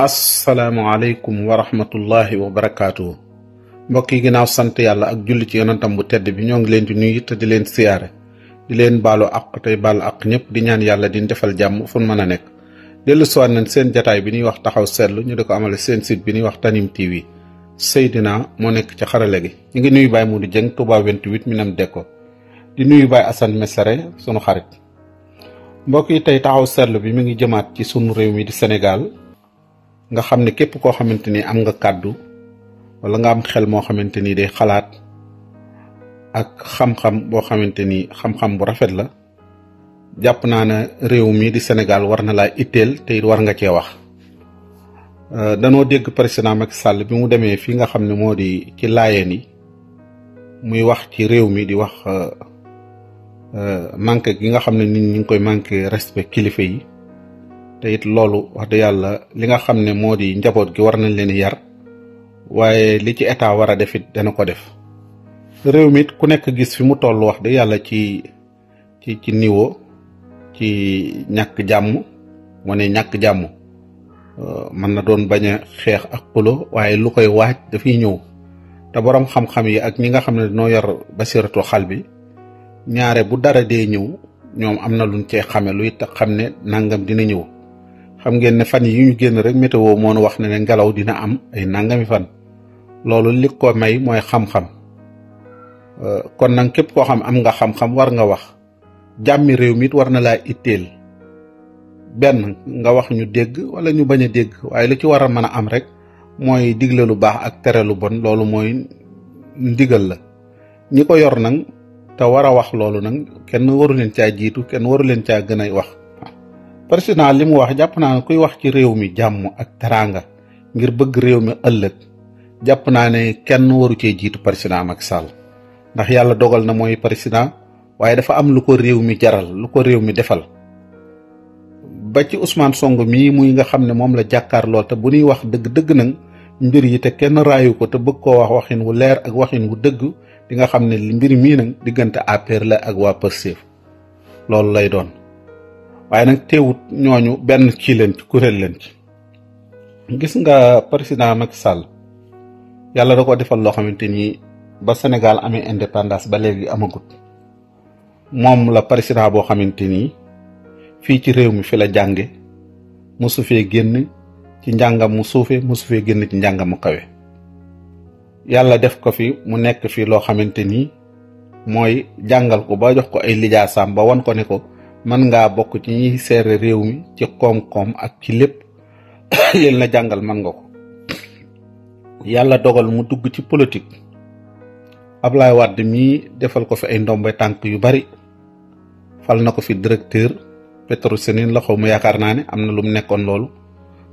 asalaamualeykum wa rahmatullahi wa barakaatu. mbokk yi ginnaaw sant yàlla ak julli ci yonantam bu tedd bi ñoo ngi leen di nuyu te di leen siyaare di leen baalu àq tey baalu àq ñëpp di ñaan yàlla di defal jàmm fun mën a nekk. dellu siwaat nañ seen jataay bi ñuy wax taxaw seetlu ñu di ko amale seen site bi ñuy wax yi TV Seydina moo nekk ci xarale gi ñu ngi nuyu Baye Modou Dieng Touba 28 Minam Dekko di nuyu Baye Assane Mesere sunu xarit. mbokk yi tey taxaw seetlu bi mi ngi jëmaat ci sunu réew mi di Sénégal nga xam ne képp koo xamante ni am nga kàddu wala nga am xel moo xamante ni day xalaat ak xam-xam boo xamante ni xam-xam bu rafet la jàpp naa ne réew mi di Sénégal war na laa itteel te it war nga cee wax euh, danoo dégg président Macky sàll bi mu demee fii nga xam ne moo di ci laayeen yi muy wax ci réew mi di wax euh, euh, manqué gi nga xam ne nit ñi ngi koy manqué respect kilifa yi te it loolu wax dëgg yàlla li nga xam ne moo di njaboot gi war nañ leen yar waaye li ci état war a def dana ko def réew mi ku nekk gis fi mu toll wax dëgg yàlla ci ci ci niveau ci ñàkk jàmm moo ñàkk jàmm euh, mën na doon bañ a xeex ak xulo waaye lu koy waaj dafay ñëw te boroom xam-xam yi ak ñi nga xam ne noo yor basiratu xal bi ñaare bu dara dee ñëw ñoom am na luñ cee xame lu tax xam ne nangam dina ñëw xam ngeen ne fan yi ñu génn rek météo moo nu wax na ne ngelaw dina am ay nangami fan loolu li ko may mooy xam-xam euh, kon nag képp koo xam am nga xam-xam war nga wax jàmmi réew mi it war na laa itteel benn nga wax ñu dégg wala ñu bañ a dégg waaye la ci war a mën a am rek mooy digle lu baax ak tereelu bon loolu mooy ndigal la ñi ko yor nag te war a wax loolu nag kenn waru leen caa jiitu kenn waru leen caa gën ay wax. président li mu wax jàpp naa ne kuy wax ci réew mi jàmm ak teraanga ngir bëgg réew mi ëllëg jàpp naa ne kenn waru cee jiitu président Macky Sall ndax yàlla dogal na mooy président waaye dafa am lu ko réew mi jaral lu ko réew mi defal ba ci Ousmane Sonko mii muy nga xam ne moom la jàkkaarloo te bu ñuy wax dëgg-dëgg nag mbir yi te kenn raayu ko te bëgg koo wax waxin wu leer ak waxin wu dëgg di nga xam ne mbir mii nag diggante APR la ak waa Pastef loolu lay doon waaye nag teewut ñooñu benn kii leen ci kuréel leen ci gis nga président Macky Sall yàlla da ko defal loo xamante nii ba Sénégal amee indépendance ba léegi ama amagut moom la président boo xamante ni fii ci réew mi fi la jànge mosu fee génn ci njàngam mu suufe mosu fee génn ci njàngam mu kawe yàlla def ko fi mu nekk fi loo xamante ni mooy jàngal ko ba jox ko ay lijaasaam ba wan ko ne ko man ngaa bokk ci ñi seere réew mi ci koom-koom ak ci lépp leen la jàngal mën nga ko yàlla dogal mu dugg ci ab laay Wade mii defal ko fi ay ndombe tànk yu bari fal na ko fi directeur Petrosenine la xaw ma yaakaar naa ne am na lu mu nekkoon loolu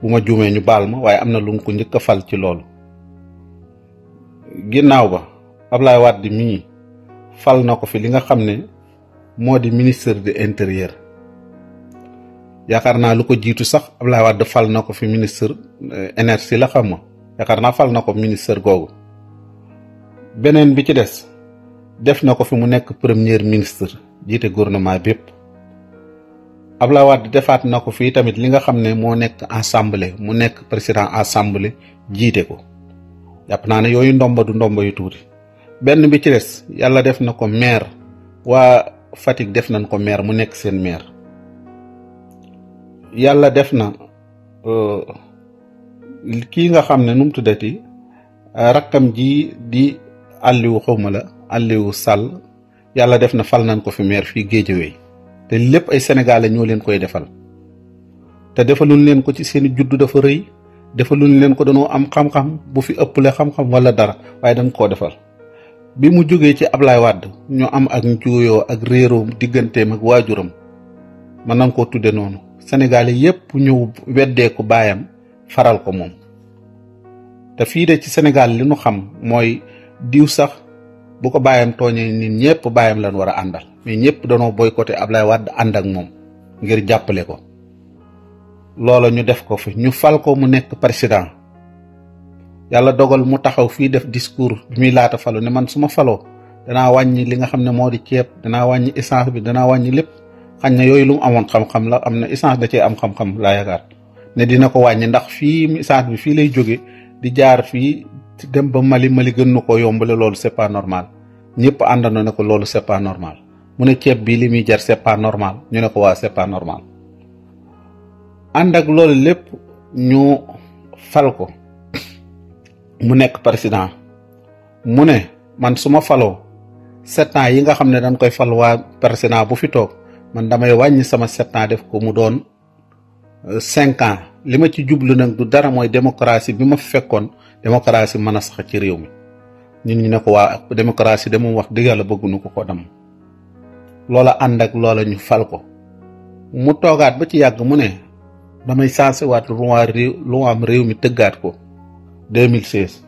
bu ma juumee ñu baal ma waaye am na lu mu ko njëkk a fal ci loolu ginnaaw ba Ablaye Wade mii fal na ko fi li nga xam ne moo di ministre de l'intérieur yaakaar naa lu ko jiitu sax Abdoulaye Wade fal na ko fi ministre eh, énergie la xam ma yaakaar naa fal na ko ministre googu beneen bi ci des def na ko fi mu nekk premier ministre jiite gouvernement bépp Abdoulaye Wade defaat na ko fii tamit li nga xam ne moo nekk assemblée mu nekk président assemblée jiite ko jàpp naa ne yooyu ndomba du ndomba yu tuuti benn bi ci des yàlla def na ko maire waa Fatick def nañ ko maire mu nekk seen maire yàlla def na euh, kii nga xam ne nu mu rakkam ji di Aliou xawma la Aliou Sall yàlla def na fal nañ ko fi maire fii Guédiawaye te lépp ay sénégalais ñoo leen koy defal te defaluñ leen ko ci seeni juddu dafa rëy defaluñ leen ko danoo am xam-xam bu fi ëppale xam-xam wala dara waaye dañ koo defal bi mu jógee ci Ablaye wàdd ñu am ak njuuyoo ak réeroom digganteem ak waajuram mën nañ koo tudde noonu sénégalais yépp ñëw weddeeku baayam faral ko moom te fii de ci Sénégal li nu xam mooy diw sax bu ko baayam tooñee nit ñëpp baayam lañ war a àndal mais ñëpp danoo boycotté Ablaye wàdd ànd ak moom ngir jàppale ko loolo ñu def ko fi ñu fal ko mu nekk président yàlla dogal mu taxaw fii def discours bi muy laata falo ne man suma ma faloo danaa wàññi li nga xam ne moo di ceeb danaa wàññi essence bi danaa wàññi lépp xañ na yooyu lu amoon xam-xam la am na essence da cee am xam laa yaakaar ne dina ko wàññi ndax fii essence bi fii lay jóge di jaar fii dem ba Mali Mali gën na koo yombale loolu c'est pas normal ñëpp àndandoo ne ko loolu c'est normal mu ne ceeb bii li muy jar seppa normal ñu ne ko waa c'est pas normal ànd ak loolu lépp ñu fal ko mu nekk président mu ne man su ma faloo sept ans yi nga xam ne dañ koy fal waa président bu fi toog man damay wàññi sama sept ans def ko mu doon euh, cinq ans li ma ci jublu nag du dara mooy démocratie bi ma fekkoon démocratie mën a sax ci réew mi ñun ñu ne ko waa démocratie de moom wax dëgg yàlla bëgguñu ko ko dam loola ànd ak loola ñu fal ko mu toogaat ba ci yàgg mu ne damay sensé waat lu waa réew am réew mi tëggaat ko 2016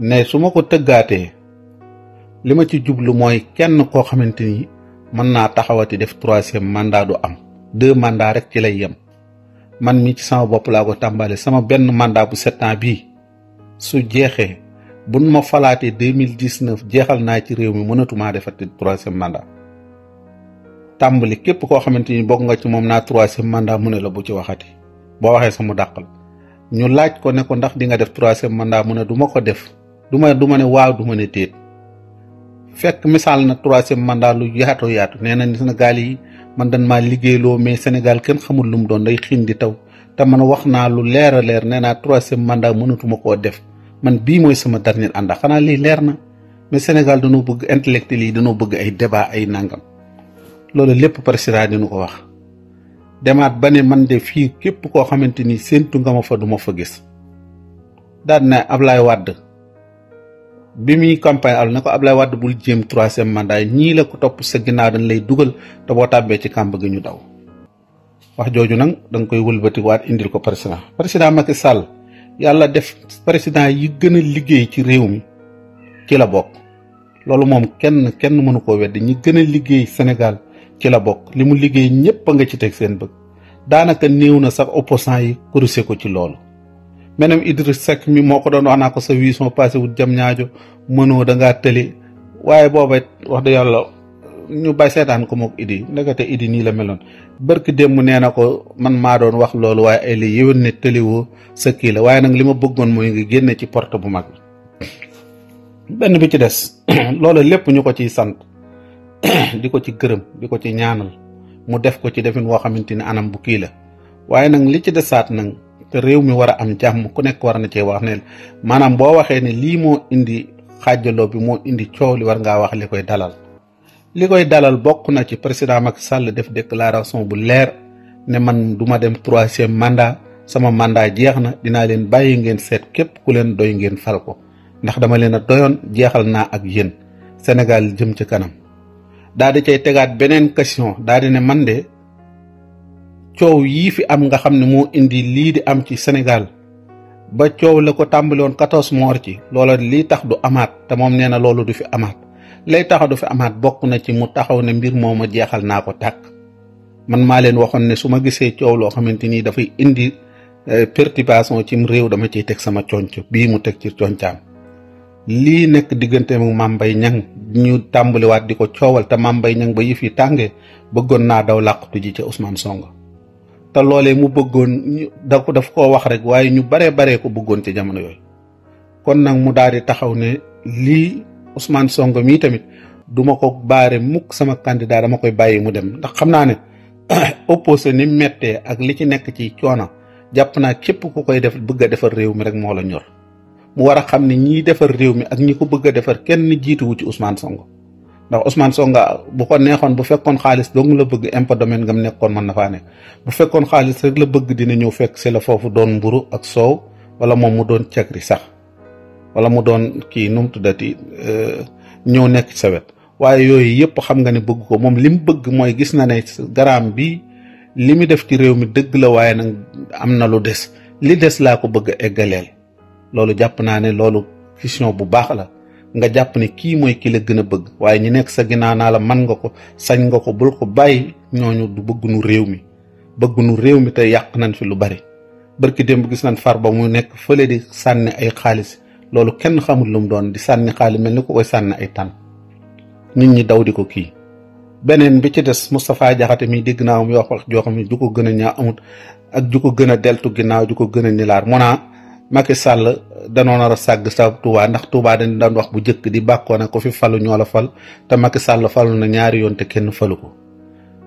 ne su ma ko tëggaatee li ma ci jublu mooy kenn koo xamante ni mën naa taxawati def troisième mandat du am deux mandats rek ci lay yem man mi ci sama bopp laa ko tàmbale sama benn mandat bu sept bii su jeexee bu nu ma falaatee deux mille dix neuf jeexal naa ci réew mi mënatumaa defati troisième mandat tàmbali képp koo xamante ni bokk nga ci moom naa troisième mandat mu ne la bu ci waxati boo waxee sama dàq la ñu laaj ko ne ko ndax di nga def troisième mandat mu ne du ma ko def du ma du ma ne waaw du ma ne déet fekk misaal na troisième mandat lu yaatu yaatu nee na Sénégal yi man dañ maa liggéeyloo mais Sénégal kenn xamul lu mu doon day xiin di taw te man wax naa lu leer a leer nee naa troisième mandat mënatuma koo def man bii mooy sama dernier ànd xanaa lii leer na mais Sénégal dañoo bëgg intellectuel yi dañoo bëgg ay débat ay nàngam loolu lépp président dinu ko wax. demaat ba ne man de fii képp koo xamante ni séentu nga ma fa du ma fa gis daal na Ablaye wàdd bi muy campagne al na ko ab lay wàdd bul jéem troisième mandat ñii la ko topp sa ginnaaw dañ lay dugal te boo tàbbee ci kàmb gi ñu daw wax jooju nag da nga koy wëlbatikuwaat indil ko président président Macky Sall yàlla def président yi gën a liggéey ci réew mi ci la bokk loolu moom kenn kenn mënu koo wedd ñi gën a liggéey Sénégal ci la bokk li mu liggéey ñépp a nga ci teg seen bëgg daanaka niiw na sax opposant yi koruse ko ci loolu menam Idriss Seck mi moo ko doon wax naa ko sa vision passé wut jam ñaajo mënoo dangaa tëli waaye booba wax dëgg yàlla ñu bàyyi seetaan ko mook Idi ndekete Idi nii la meloon bërk démb nee na ko man maa doon wax loolu waaye ay li yéwén ne tëliwoo sa kii la waaye nag li ma bëggoon mooy nga génne ci porte bu mag bi benn bi ci des loolu lépp ñu di ko ci gërëm di ko ci ñaanal mu def ko ci defin woo xamante ni anam bu kii la waaye nag li ci desaat nag te réew mi war a am jàmm ku nekk war na cee wax ne maanaam boo waxee ne lii moo indi xaajaloo bi moo indi coow li war ngaa wax li koy dalal. li koy dalal bokk na ci président Macky Sall def déclaration bu leer ne man duma ma dem troisième mandat sama màndaa jeex na dinaa leen bàyyi ngeen seet képp ku leen doy ngeen fal ko ndax dama leen a doyoon jeexal naa ak yéen Sénégal jëm ci kanam. daa di cay tegaat beneen question daa di ne man de coow yii fi am nga xam ne moo indi lii di am ci senegal ba coow la ko tàmbali woon quatorze mois ci loola lii tax du amaat te moom nee na loolu du fi amaat lay taxa du fi amaat bokk na ci mu taxaw ne mbir moom ma jeexal naa ko tàkk man maa leen waxoon ne su ma gisee coow loo xamante nii dafay indi eh, perturbation cim réew dama ciy teg sama conc bii mu teg ci concaam lii nekk diggante mu Mame Mbaye ñu tàmbaliwaat di ko coowal te màmbay Mbaye ba yëf yi tàngee bëggoon naa daw làqatu ji ca Ousmane Sonko te loolee mu bëggoon ñu ko daf koo wax rek waaye ñu baree baree ko bëggoon ca jamono yooyu kon nag mu daal di taxaw ne lii Ousmane Sonko mii tamit duma ko baare mukk sama candidat dama koy bàyyi mu dem ndax xam naa ne opposé ni mettee ak li ci nekk ci coono jàpp naa képp ku koy def bëgg a defar réew mi rek moo la ñor mu war a xam ni ñiy defar réew mi ak ñi ko bëgg a defar kenn jiituwu ci Ousmane song ndax Ousmane songa bu ko neexoon bu fekkoon xaalis dong la bëgg impôt domaine ngam nekkoon man na faa ne bu fekkoon xaalis rek la bëgg dina ñëw fekk si la foofu doon mburu ak soow wala moom mu doon cagri sax wala mu doon kii nu mu tuddati euh, ñëw nekk ci sa wet waaye yooyu yëpp xam nga ne bëgg ko moom li mu bëgg mooy gis na ne garaam bi li mu def ci réew mi dëgg la waaye nag am na lu des li des laa ko bëgg a loolu jàpp naa ne loolu question bu baax la nga jàpp ne kii mooy kii la gën a bëgg waaye ñi nekk sa ginnaaw naa la man nga ko sañ nga ko bul ko bàyyi ñooñu du bëggunu réew mi bëggunu réew mi te yàq nañ fi lu bari barki démb gis nañ far ba mu nekk fële di sànni ay xaalis loolu kenn xamul lu mu doon di sànni xaalis mel ni ko koy sànni ay tànn nit ñi daw di ko kii beneen bi ci des Moustapha Diakhaté mi dégg naa mu wax wax joo xam ne ju ko gën a ñaa amut ak ju ko gën a deltu ginnaaw ju ko gën a nilaar mu naa Macky Sall euh, danoo nar sàgg sa Touba ndax Touba dañ daan wax bu njëkk di bàkkoo na ko fi falu ñoo la fal te Macky Sall falu na ñaari yoon te kenn falu ko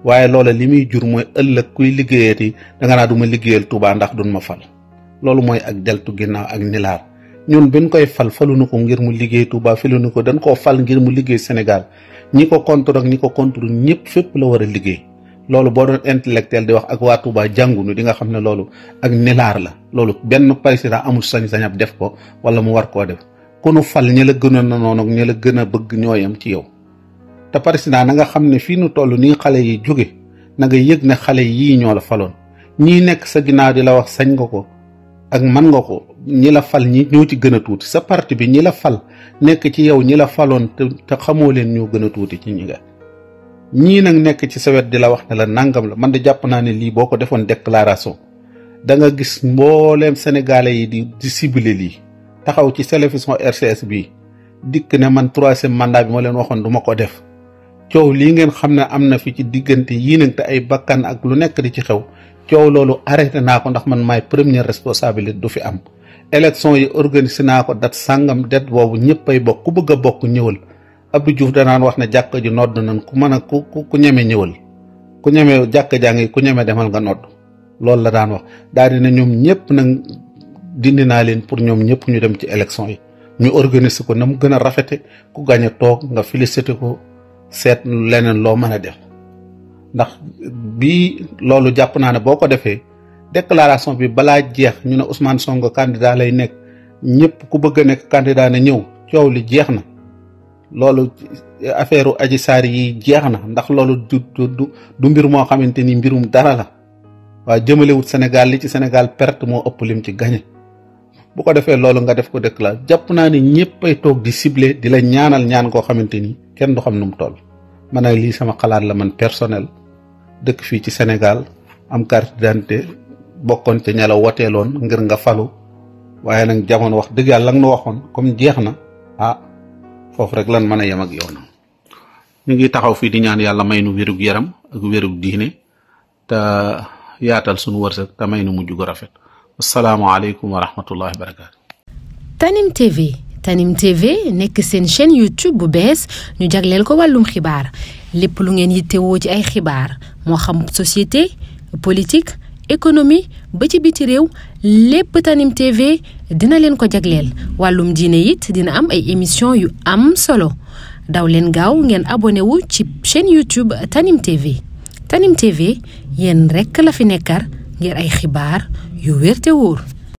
waaye loola li muy jur mooy ëllëg kuy liggéeyati danga naa duma liggéeyal Touba ndax duñ ma fal loolu mooy ak deltu ginnaaw ak nilaar ñun biñ koy fal faluñu ko ngir mu liggéey Touba nu ko dañ koo fal ngir mu liggéey Sénégal ñi ko contre ak ñi ko contre ñëpp fépp la war a liggéey loolu boo doon intellectuel di wax ak waa Touba jàngunu di nga xam ne loolu ak nilaar la loolu benn président amul sañ-sañab def ko wala mu war koo def konu fal ñi la gënoon na noonu ak la gën a bëgg ñooyam ci yow te président na nga xam ne fii nu toll nii xale yi jóge na nga yëg ne xale yii ñoo la faloon ñii nekk sa ginnaaw di la wax sañ nga ko ak man nga ko ñi la fal ñi ñoo ci gën a tuuti sa parti bi ñi la fal nekk ci yow ñi la faloon te te xamoo leen ñoo gën a tuuti ci ñi nga ñii nag nekk ci sa di la wax ne la nangam la man de jàpp naa ne lii boo ko defoon déclaration da nga gis mbooleem sénégalais yi di di lii taxaw ci télévision RCS bii dikk ne man troisième mandat bi ma leen waxoon du ma ko def coow lii ngeen xam ne am na fi ci diggante yii nag te ay bakkan ak lu nekk di ci xew coow loolu arrêté naa ko ndax man may première responsabilité du fi am élection yi organise naa ko dat sàngam det boobu ñëpp ay bokk ku bëgg a bokk ñëwal Abdou Diouf danaan wax ne jàkk ju nodd nañ ku mën a ku ku ñeme ñëwal ku ñeme jàkk jaa ngi ku ñeme demal nga nodd loolu la daan wax daal di ne ñoom ñëpp nag dindi naa leen pour ñoom ñëpp ñu dem ci élection yi ñu organiser ko na mu gën a rafete ku gañ a toog nga félicité ko seet leneen loo mën a def ndax bii loolu jàpp naa ne boo ko defee declaration bi balaa jeex ñu ne Ousmane Sonko candidat lay nekk ñëpp ku bëgg a nekk candidat ne ñëw coow li jeex na loolu affaire aji saar yi jeex na ndax loolu du du mbir moo xamante ni mbirum dara la waaye jëmalewut Sénégal li ci senegal perte moo ëpp lim ci gañe bu ko defee loolu nga def ko dëkk la jàpp naa ne ñëppay toog di sible di la ñaanal ñaan koo xamante ni kenn du xam nu mu toll man nag lii sama xalaat la man personnel dëkk fii ci senegal am carte bokkoon ca ña la woteeloon ngir nga falu waaye nag jamono wax dëgg yàlla nga nu waxoon comme jeex na ah, foofu rek lan mën a yem ak yow ngi taxaw fii di ñaan yàlla may nu wérug yaram ak wérug diine te yaatal sunu wërsëg te may nu mujj gu rafet asalaamaaleykum wa rahmatullahi wa barakaatu. Tanim TV nekk seen chaîne YouTube bu bees ñu jagleel ko wàllum xibaar lépp lu ngeen yittewoo ci ay xibaar moo xam société politique. économie ba ci biti réew lépp Tanim dina leen ko jagleel wàllum diine it dina am ay émission yu am solo daw leen gaaw ngeen abonné wu ci chaîne YouTube Tanim TV Tanim TV yéen rekk la fi nekkar ngir ay xibaar yu wér woor